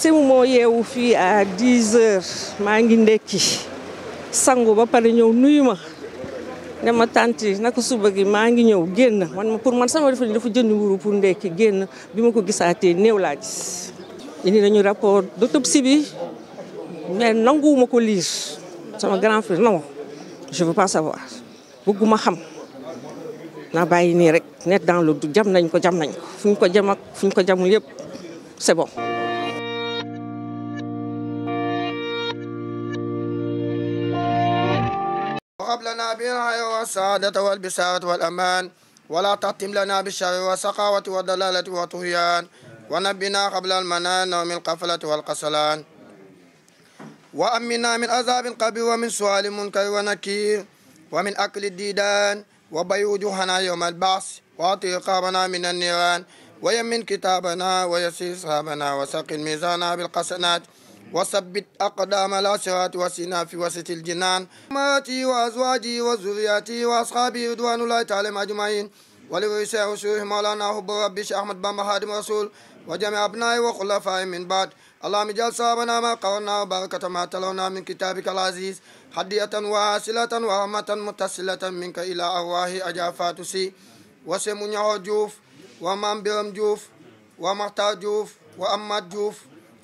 semu moo yeewu fii à 10 heures maa ngi ndekki sangu ba pare ñëw nuyu ma ne ma tanti naka suba gi maa ngi ñëw génn man pour man sama defa ni dafa jënd mburu pour ndekki génn bi ma ko gisaatee néew laa gis indi nañu rapport d'autopsie bi mais nanguwuma ko liir sama grand frère non je veux pas savoir bëgguma xam naa bàyyi nii rek nekk dans le jam nañ ko jam nañ ko fu ñu ko jam ak fu ko jamul yëpp c'est bon وهب لنا بالرعاية والسعادة والبشارة والأمان ولا تحتم لنا بالشر والسقاوة والضلالة والطغيان ونبنا قبل المنان ومن القفلة والقسلان وأمنا من عذاب القبر ومن سؤال منكر ونكير ومن أكل الديدان وبي وجوهنا يوم البعث وأعطي رقابنا من النيران ويمن كتابنا ويسير صحابنا وسق الميزان بالقسنات وثبت أقدام الأشهات وسنا في وسط الجنان ماتي وأزواجي وذرياتي وأصحابي رضوان الله تعالى أجمعين ولوسع شيوخ مولانا حب ربي شيخ أحمد بن خادم رسول وجميع أبنائي وخلفائي من بعد اللهم اجعل صوابنا ما قرنا وبركة ما تلونا من كتابك العزيز هدية واسلة ورحمة متصلة منك إلى أرواح أجافاتسي وسمنيا جوف ومام برم جوف ومختار جوف وأمات جوف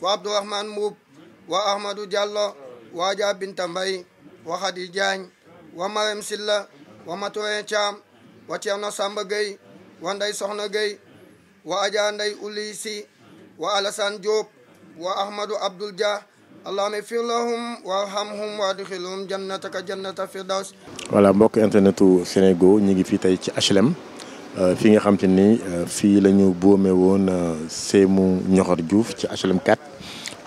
وعبد الرحمن موب wa ahmadou diallo wa jabinta mbay wa khady diagne wa marem silla wa matoyen thiam wa ceerno samba gueye wa ndey soxna gueye wa adja ndey ulisi wa alassane diop wa ahmadou abdoul dia allahumma ighfir lahum warhamhum wadkhilhum jannataka jannata firdaws voilà mbokk internetu Sénégal ñu ngi fii tey ci HLM euh, fi nga xam te ni euh, fii la ñu boome woon euh, Sémou Niokhoor Diouf ci HLM 4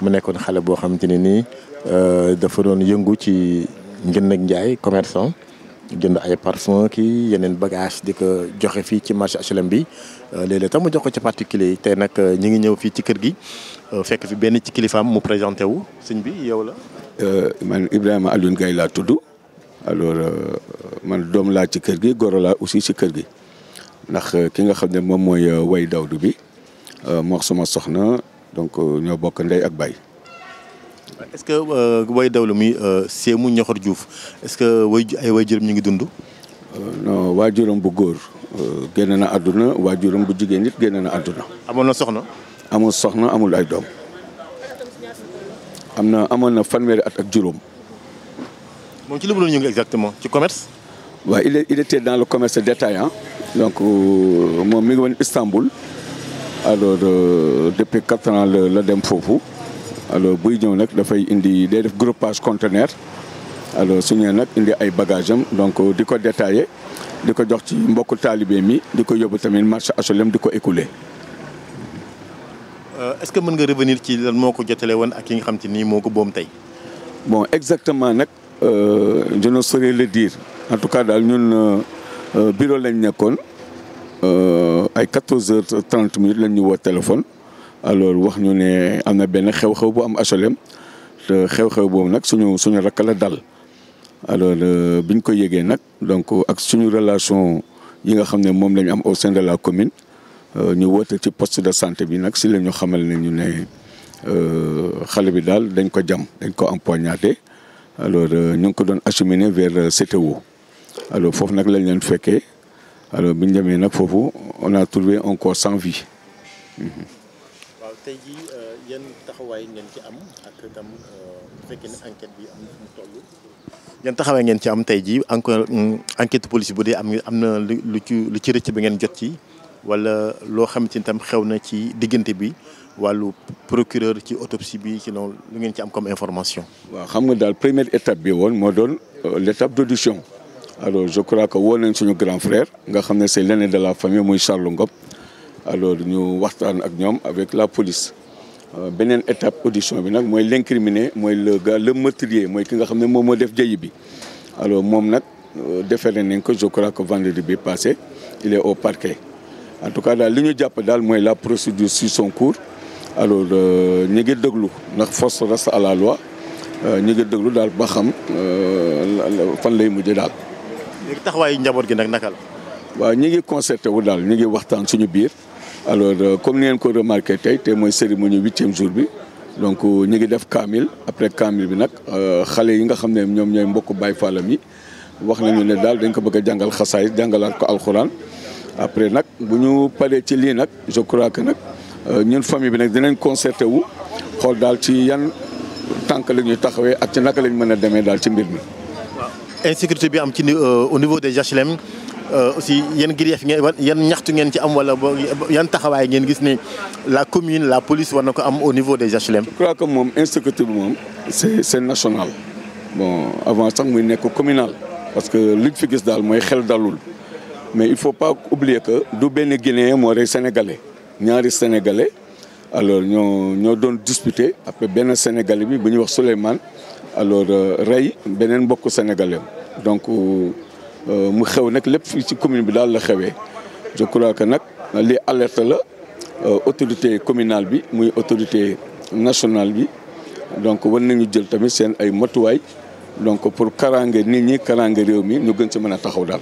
mu nekkoon xale boo xamante ne nii euh, dafa doon yëngu ci njënd ak njaay commerçant jënd ay parfum kii yeneen bagage di ko joxe fii ci marché HLM bi euh, léeg-léeg tam mu jox ko ci particulier yi tey nag euh, ñu ngi ñëw fii ci kër gi fekk fi benn ci kilifaam mu présenté wu sëñ bi yow la. man Ibrahima Alioune Gaye laa tudd alors man doom laa ci kër gi goro laa aussi ci kër gi ndax ki nga xam ne moom mooy way dawdu bi moo sama soxna. donc euh, ñoo bokk ndey ak baay. est-ce que euh, way dawlu mi euh, Sémou Ñoxor juuf est-ce que way ay waajuram ñu ngi dund. non waajuram bu góor génn na àdduna waajuram bu jigéen nit génn na àdduna. amoon na soxna. amul soxna amul ay doom. am na amoon na fanweeri at ak juróom. moom ci lu mu doon yëngu exactement ci commerce. waa il est il était dans le commerce détaillant donc moom mi ngi woon Istanbul. alors euh, depuis quatre ans la la dem foofu alors buy ñëw nag dafay indi day def groupage conteneur alors su ñëwee nag indi ay bagagem donc euh, di ko détaillé di ko jox ci mbokku taalibe mi di ko yóbbu tamit marché HLM di ko écoulé. Euh, est-ce que mën nga revenir ci lan moo ko jotale woon ak ki nga xam te nii moo ko boom tey. bon exactement nag je ne saurais le dire en tout cas daal ñun bureau lañ nekkoon. ay 14 heures 30 minutes lañ ñu woo téléphone alors wax ñu ne am na benn xew-xew bu am HLM te xew-xew boobu nag suñu suñu rakk la dal alors euh, bi ñu ko yëgee nag donc ak suñu relation yi nga xam ne moom la ñu am au sein de la commune euh, ñu woote ci poste de santé bi nag si la ñu xamal ne ñu ne euh, xale bi daal dañ ko jam dañ ko empoignadé alors ñu ngi ko doon acheminé vers CTO alors foofu nag lañ leen fekkee. alors bi ñu demee nag foofu on a trouvé un cent sans vie. waaw tey euh, yan taxawaay ngeen ci am ak tam euh, bu fekkee ne ngeen ci am tey jii encore mm, enquête police bu dee am am na lu ci lu ci rëcc bi ngeen jot ci wala loo xamante ni tam xew na ci diggante bi wàllu procureur ci autopsie bi ci noonu lu ngeen ci am comme information. waa xam nga daal première étape bi woon moo doon euh, l'étape d'audition. alors je crois que woo nañ suñu grand frère nga xam ne c'est l'aîné de la famille muy Charles Ngop alors ñu waxtaan ak ñoom avec la police euh, beneen étape audition bi nag mooy l'incriminé mooy le gars le meurtrier mooy ki nga xam ne moom moo def jëyi bi alors moom nag euh, déféré nañ ko je crois que vendredi bi passé il est au parquet en tout cas daal li ñu jàpp daal mooy la procédure suit son cours alors euh, ñu ngi déglu ndax force reste à la loi ñu ngi déglu daal ba xam fan lay mujjee daal léegi taxawaayu njaboot gi nag naka la. waaw ñu ngi concerté wu daal ñu ngi waxtaan suñu biir alors euh, comme ni ngeen ko remarqué tey te mooy cérémonie huitième jour bi donc euh, ñu ngi def kaamil après kaamil bi nag euh, xale yi nga xam ne ñoom ñooy mbokk Baay Faalam yi wax nañu ne daal dañ ko bëgg a jàngal xasaay jàngalaat ko alxuraan après nag bu ñu paree ci lii nag je crois que nag ñun famille bi nag dinañ concerté wu xool daal ci yan tànk la ñuy taxawee ak ci naka lañ mën a demee daal ci mbir mi. insécurité bi am ci euh, au niveau des HLM euh, aussi yan grief ngeen yan ñaxtu ngeen ci am wala yan taxawaay ngeen gis ni la commune la police war na ko am au niveau des HLM. je crois moom insécurité bi moom. c'est c'est national. bon avant sax muy nekk communal. parce que li fi gis daal mooy xel dalul. mais il faut pas oublier que du benn Guinéen moo rey sénégalais ñaari sénégalais alors ñoo ñoo doon disputé après benn sénégalais bi bu ñuy wax Souleymane alors euh, rey beneen mbokk sénégalais donc euh, euh, mu xew nag lépp fii ci commune bi daal la xewee je crois que nag li alerte la autorité communale bi muy autorité nationale bi donc war nañu jël tamit seen ay matuwaay donc pour karange nit ñi karange réew mi ñu gën ci mën a taxaw daal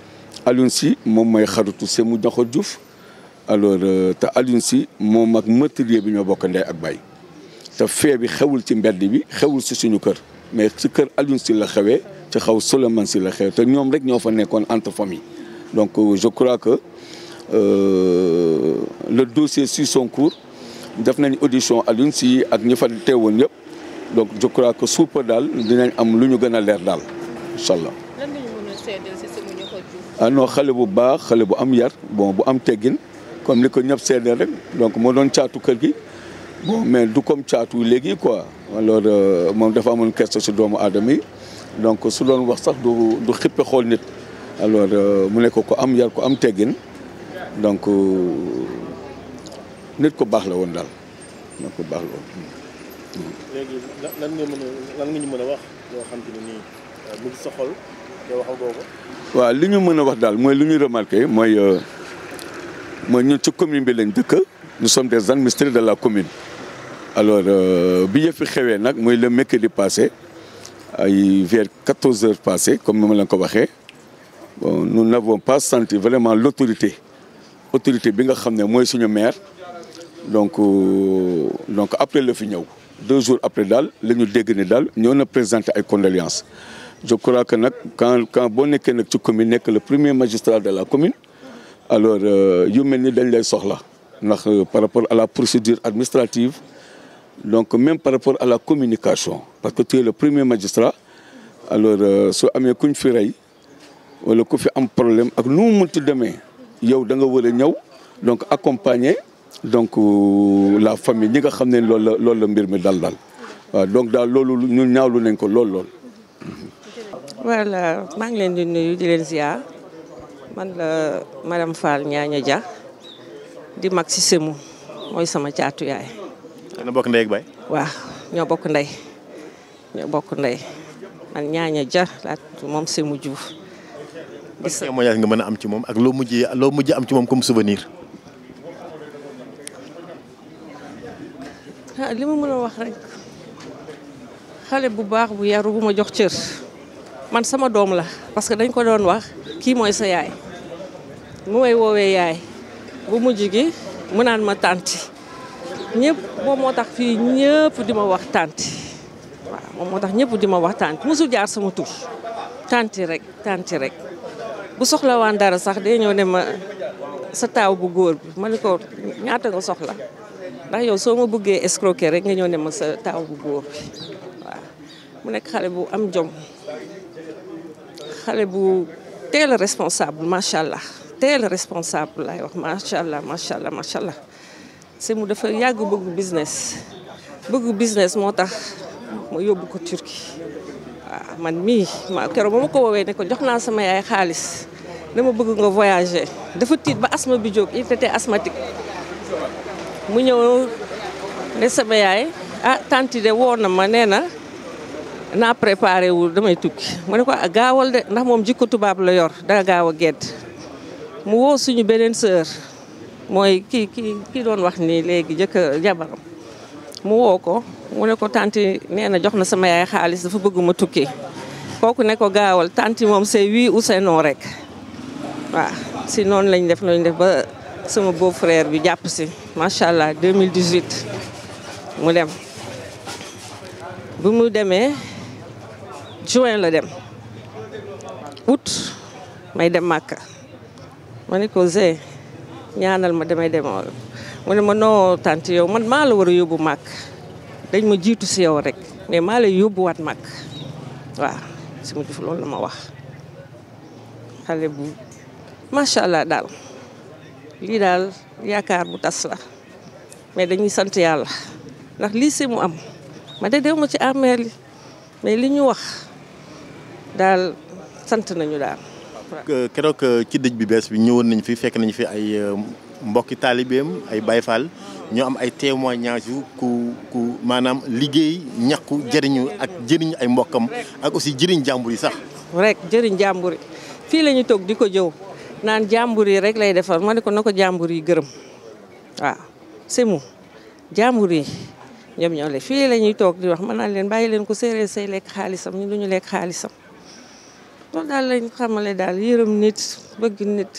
Alioune Sy moom mooy xaritu mu Diakhoune Diouf alors euh, te Alioune Sy moom ak meurtrier bi ñoo bokkandee ak baay te fee bi xewul ci mbedd bi xewul si suñu kër mais ci kër Alioune la xewee ci xaw Souleymane si la xewee te ñoom rek ñoo fa nekkoon entre famille donc euh, je crois que euh, le dossier suit son cours def nañ audition Alioune Sy ak ñi fa teewoon yëpp donc je crois que suupa daal dinañ am lu ñu gën a leer daal incha allah. ah xale bu baax xale bu am yar bon bu am teggin comme li ko ñëpp seede rek donc moo doon caatu kër gi bon mais du comme caatu léegi quoi alors euh, moom dafa amoon kersa si doomu aadama yi donc su doon wax sax du du xippe xool nit alors euh, mu ne ko ko am yar ko am teggin donc euh, nit ko baax la woon daal nit ko baax la nga ñu mën a wax loo waaw li ñu mën a wax daal mooy lu ñu remarqué mooy euh, mooy ñu ci commune bi lañ dëkk nu some des administrés de la commune alors euh, bi yëf fi xewee nag mooy le mercredi passé ay vers quatorze heures passées comme ni ma leen ko waxee bon nous n'avons pas senti vraiment l'autorité autorité bi nga xam ne mooy suñu maire donc euh, donc après la fi ñëw deux jours après daal la ñu dégg ni daal ñoo na présenté ay condoléances je crois que nag quand quand boo nekkee nag ci commune nekk le premier magistrat de la commune alors euh, yu mel ni dañ lay soxla ndax euh, par rapport à la procédure administrative donc même par rapport à la communication parce que tu es le premier magistrat alors euh, su amee kuñ fi rey wala ku fi am problème ak nu mu mënti demee yow da nga war ñëw donc accompagner donc la famille ñi nga xam ne loolu la loolu la mbir mi dal daal waaw donc daal loolu ñun ñaawlu nañ ko lool lool voilà euh, maa ngi leen di nuyu di leen ziar man la madame Fall Ñaaña ja di mag si semu mooy sama caatu yaay. dana bokk ndey ak baay. ñoo bokk ndey ñoo bokk ndey man Ñaaña Dia laa tudd moom semu Diouf. gis nga témoignage nga mën a am ci moom ak loo mujjee loo mujjee am ci moom comme souvenir. ah li ma mën a wax rek xale bu baax bu yaru bu ma jox cër. man sama doom la parce que dañ ko doon wax kii mooy sa yaay mu may woowee yaay bu mujj gi mu naan ma tànti ñëpp moom moo tax fii ñëpp di ma wax tanti waaw moom moo tax ñëpp di ma wax tanti mosul jaar sama tur tanti rek tànti rek bu soxla waan dara sax day ñëw ne ma sa taaw bu góor bi ma ñaata nga soxla ndax yow soo ma bëggee escroquer rek nga ñëw ne ma sa taaw bu góor bi nekk xale bu am jom xale bu teel a responsable macha allah teel responsable laay wax macha allah macha allah macha allah si mu dafa yàgg bëgg business bëgg business moo tax ma yóbbu ko Turquie waaw man mii ma keroog ba ma ko woowee ne ko jox naa sama yaay xaalis dama bëgg nga voyager dafa tiit ba asthme bi jóg il était asthmatique mu ñëw ne sama yaay ah tante de woo na ma nee na naa préparé wul damay tukki mu ne ko ah, gaawal de ndax moom jikko tubaab la yor danga gaaw a gedd mu woo suñu beneen sœur mooy kii ki kii doon wax nii léegi jëkk jabaram mu woo ko mu ne ko tanti nee na jox na sama yaay xaalis dafa bëgg ma tukki kooku ne ko gaawal tanti moom c'est oui ou c'est non rek waaw si noonu lañ def noonu def ba sama beau frère bi jàpp si macha allah 2018 mu dem bu mu demee juin la dem août may dem màkka ma ne ko Zé ñaanal ma damay demool mu ma noo tant yow man war a yóbbu màkk dañ ma jiitu si yow rek mais maa lay yóbbuwaat màkk waaw si ma juf loolu la ma wax xale bu macha allah daal lii daal yaakaar bu tas la mais dañuy sant yàlla ndax lii si mu am ma de dew ma ci armeel yi mais li ñu wax daal sant nañu daal. keroog euh, ci dëj bi bees bi ñëwoon nañ fi fekk nañ fi ay euh, mbokki taalibeem ay bay Fall ñoo am ay témoignage yu ku ku maanaam liggéey ñàkku jëriñu ak jëriñ ay mbokkam ak aussi jëriñ jàmbur yi sax. rek jëriñ jàmbur fii la ñu toog di ko jëw naan jàmbur yi rek lay defar ma ne ko na ko jàmbur yi gërëm waaw c'est mu jàmbur yi ñoom ñoo le fii la ñuy toog di wax mën naa leen bàyyi leen ko séeréer say lekk xaalisam ñu duñu lekk xaalisam. loolu daal lañ xamale daal yërëm nit bëgg nit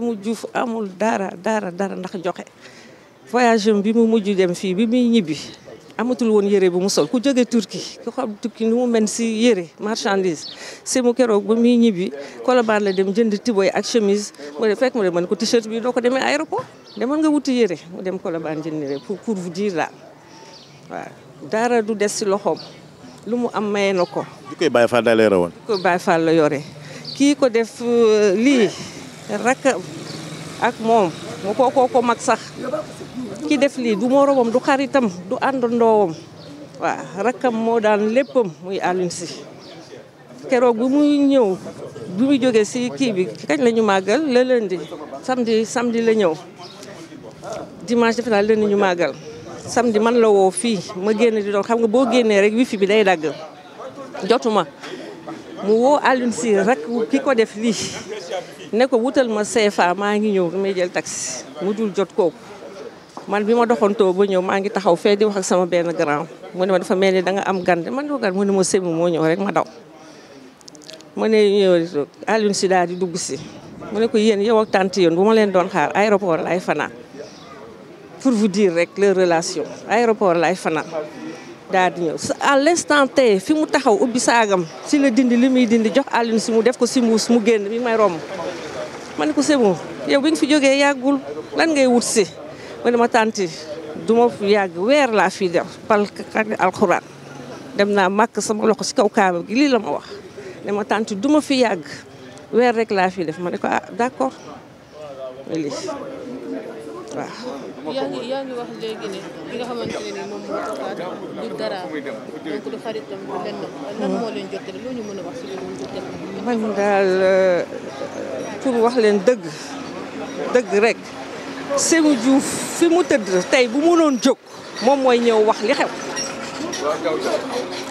mu Diouf amul daara daara dara ndax joxe voyage bi mu mujj dem fii bi muy ñibbi amatul woon yére bu mu sol ku jóge Turquie ku xam tukki nu mu mel si yére marchandise Sémou keroog ba muy ñibbi Colobane la dem jënd tiboy ak chemise mu ne fekk mu ne man ko t-shirt bi doo ko demee aéroport demoon nga wuti yére mu dem Colobane jënd pour pour vous dire là waaw dara du des si loxoom lu mu am maye na ko. ju koy Baye Fall daa rawoon. la yore kii ko def euh, lii rakk ak moom mu kookoo ko mag sax ki def lii du moroomam du xaritam du àndandoowam waaw rakkam moo daan léppam muy Alioune si keroog bi muy ñëw bi muy jógee si kii bi kañ la ñu màggal le lundi samedi samedi la ñëw dimanche defe naa ñu màggal. samedi man la woo fii ma génn di doon xam nga boo génnee rek wifi bi day dagg jotuma mu woo Alioune si rek ki ko def lii ne ko wutal ma CFA maa ngi ñëw may jël taxi dul jot kooku man bi ma doxantoo ba ñëw maa ngi taxaw fee di ak sama benn grand mu ne ma dafa mel ni da nga am gan man doo gan mu ne ma semi moo ñëw rek ma daw ma ne ñëw Alioune si daal di dugg si mu ne ko yéen yow ak tante yoon bu ma leen doon xaar aéroport laay fanaan pour vous dire rek les relations aéroport lay fanaan daal di ñëw à l'instant T fi mu taxaw ubbi saagam si la dindi li muy dindi jox àllin si mu def ko si mbuus mu génn bi may romb ma ne ko c'est bon yow bi nga fi jógee yàggul lan ngay wut si ma ne ma tànti du ma fi yàgg weer laa fii def pal alxuraan dem naa màkk sama loxo si kaw kaaba gi la ma wax ne ma tànti du ma fi yàgg weer rek laa fii def ma ne ko ah d'accord lii waaw yaa ngi yaa léegi ne xamante ne nii moom moo toppaat du dara donc du xaritam du lenn lan moo leen jottali loo ñu mën a wax si loolu daal euh, pour wax leen dëgg dëgg rek Sémou Diouf fi mu tëdd tey bu mënoon jóg moom mooy ñëw wax li xew.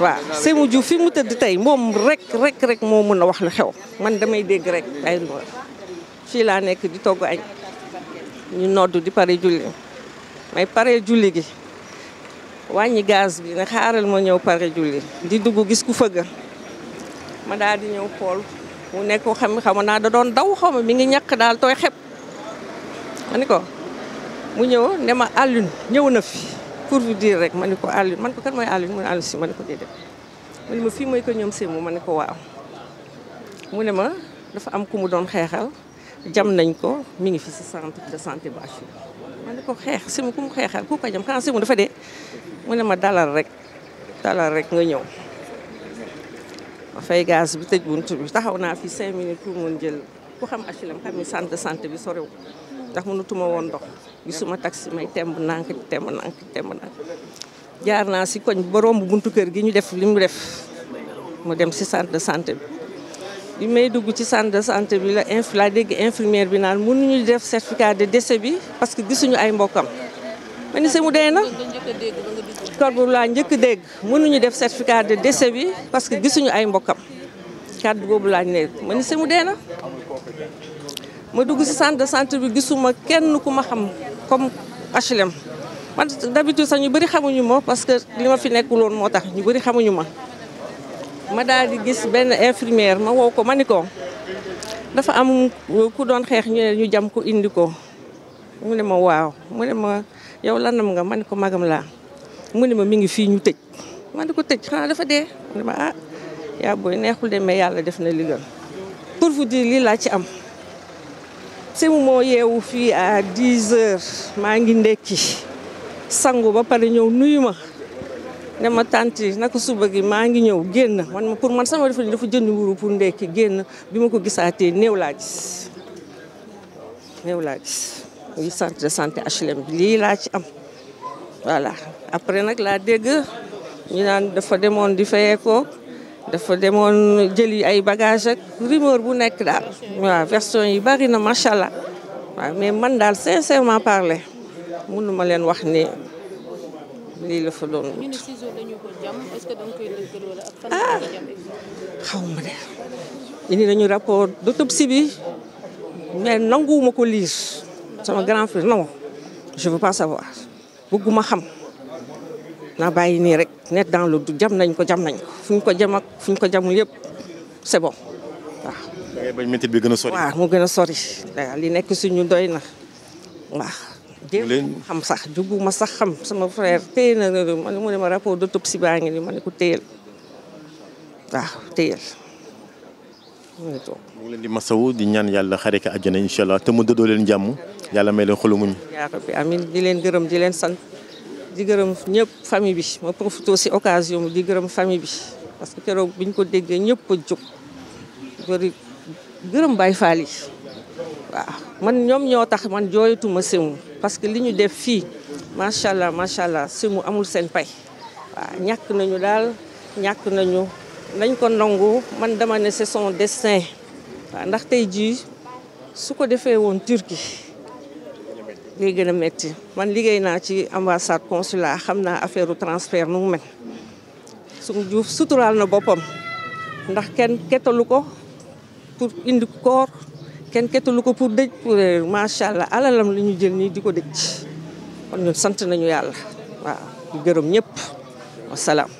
waaw Sémou Diouf fi mu tëdd tey moom rek rek rek moo mën a wax lu xew man damay dégg rek ay fii laa nekk di togg añ ñu noddu di pare julli may pare julli gi wàññi gaz bi ne xaaral ma ñëw pare julli di dugg gis ku fëgga ma daal di ñëw xool mu nekk xam xam naa da doon daw xaw ma mi ngi ñàkk daal tooy xep ma ni ko mu ñëw ne ma Alioune ñëw na fi pour vous dire rek ma ni ko Alioune man ko kan mooy Alioune mu ne ko ma fii mooy ko ñoom si mu ma ni ko waaw mu ne ma dafa am ku mu doon xeexal jam nañ ko mi ngi fi si centre de santé ma ne ko xeex si mu ku mu xeexal ku ko jëm xanaa si mu dafa de mu ne ma dalal rek dalal rek nga ñëw ma fay gaz bi tëj bunt bi taxaw naa fi cinq minutes pour mun jël ku xam HLM xam ni santé sant bi soriw ndax mënatuma woon ndox gisuma si may temb nank temb nank temb nank jaar naa si koñ ba romb buntu kër gi ñu def li mu def mu dem si sant de santé bi bi may dugg ci centre de bi la inf la dégg infirmière bi naan mënuñu def certificat de décès bi parce que gisuñu ay mbokkam ma ni mu dee na kor laa njëkk dégg mënuñu def certificat de décès bi parce que gisuñu ay mbokkam kàddu boobu laa ne ma ni mu dee na ma dugg ci centre de bi gisuma kenn ku ma xam comme HLM man d'habitude sax ñu bëri xamuñu ma parce que li ma fi nekkul woon moo tax ñu bëri xamuñu ma ma daal di gis benn infirmière ma wow ko ma ni ko dafa am ku doon xeex ñu ñu jam ko indi ko mu ne ma waaw mu ne ma yow nam nga ma ni ko magam laa mu ne ma mi ngi fii ñu tëj ma ni ko tëj xanaa dafa dee mu ah yaa booy neexul de mais yàlla def na li pour vous dire lii laa ci am si mu moo yeewu fii à 10 heures maa ngi ndekki sangu ba pare ñëw nuyu ma ne ma tanti naka suba gi maa ngi ñëw génn man ma pour man sama defe dafa jënd mburu pour ndekki génn bi ma ko gisaatee new laa gis néew laa gis muy centre de santé HLM bi lii laa ci am voilà après nag laa dégg ñu naan dafa demoon di fayeekoo dafa demoon jëli ay bagage ak rumeur bu nekk daal waaw version yi bari na macha allah waaw mais man daal sincèrement parler mënu ma leen wax ni lii la fa doon wut. ah xaw ma de indi nañu rapport d'autopsie bi mais nanguwuma ko liir sama grand frère non je veux pas savoir bëgguma xam naa bàyyi nii rek nekk dans le jam nañ ko jam nañ ko fu ñu ko jam ak fu ñu ko jamul yépp c'est bon waaw. bi gën a sori. waaw mu gën a sori li nekk suñu doy na waaw. jéem xam sax juguma sax xam sama frère te na ne ma mu ne ma rapport d'autopsie baa ngi ni ma ne ko téyel waaw téyel mu ngi toog. mu di ñaan yàlla xare ka àjjana incha te mu dëddoo leen jàmm yàlla may di leen gërëm di leen sant di gërëm ñëpp famille bi ma profité si di gërëm famille bi parce que keroog biñ ko déggee ñëpp a jóg bëri man ñoom ñoo tax man jooyatuma semu parce que li ñu def fii macha allah macha allah si mu amul seen pay waaw ñàkk nañu daal ñàkk nañu nañ ko nangu man dama ne c'est son destin ndax tey jii su ko defee woon Turquie lay gën a metti man liggéey naa ci ambassade consulat xam naa affaire u transfert nu mu mel juuf suturaal na boppam ndax kenn kettalu ko pour indi koor kenn kettalu ko pour dëj pour macha allah alalam la ñu jël nii di ko dëj kon ñun sant nañu yàlla waaw di gërëm ñëpp wasalaam.